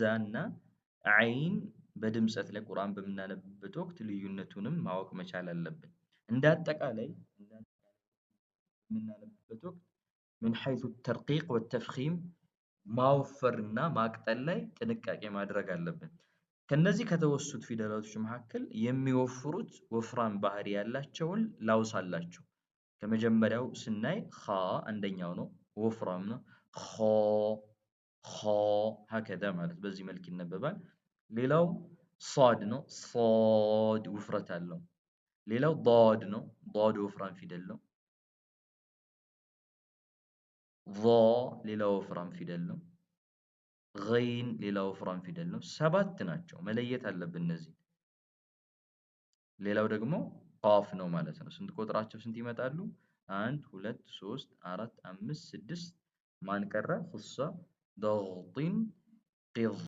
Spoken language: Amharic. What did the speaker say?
ዛ እና አይን በድምፀት ላይ ቁርአን በምናነብበት ወቅት ልዩነቱንም ማወቅ መቻል አለብን። እንደ አጠቃላይ ወቅት ምን ሐይቱ ተርቂቅ ወተፍኺም ማወፈር እና ማቅጠል ላይ ጥንቃቄ ማድረግ አለብን። ከነዚህ ከተወሱት ፊደላቶች መካከል የሚወፍሩት ወፍራም ባህሪ ያላቸውን ላውሳላችሁ። ከመጀመሪያው ስናይ ኻ አንደኛው ነው፣ ወፍራም ነው። ኾ ሀከዛ ማለት በዚህ መልክ ይነበባል። ሌላው ሷድ ነው። ሷድ ውፍረት አለው። ሌላው ዷድ ነው። ዷድ ወፍራም ፊደል ነው። ሌላ ወፍራም ፊደል ነው። ገይን ሌላ ወፍራም ፊደል ነው። ሰባት ናቸው። መለየት አለብን እነዚህ። ሌላው ደግሞ ቃፍ ነው ማለት ነው። ስንት ቆጥራቸው ስንት ይመጣሉ? አንድ ሁለት ሶስት አራት አምስት ስድስት ማንቀረ ሁሳ ضغط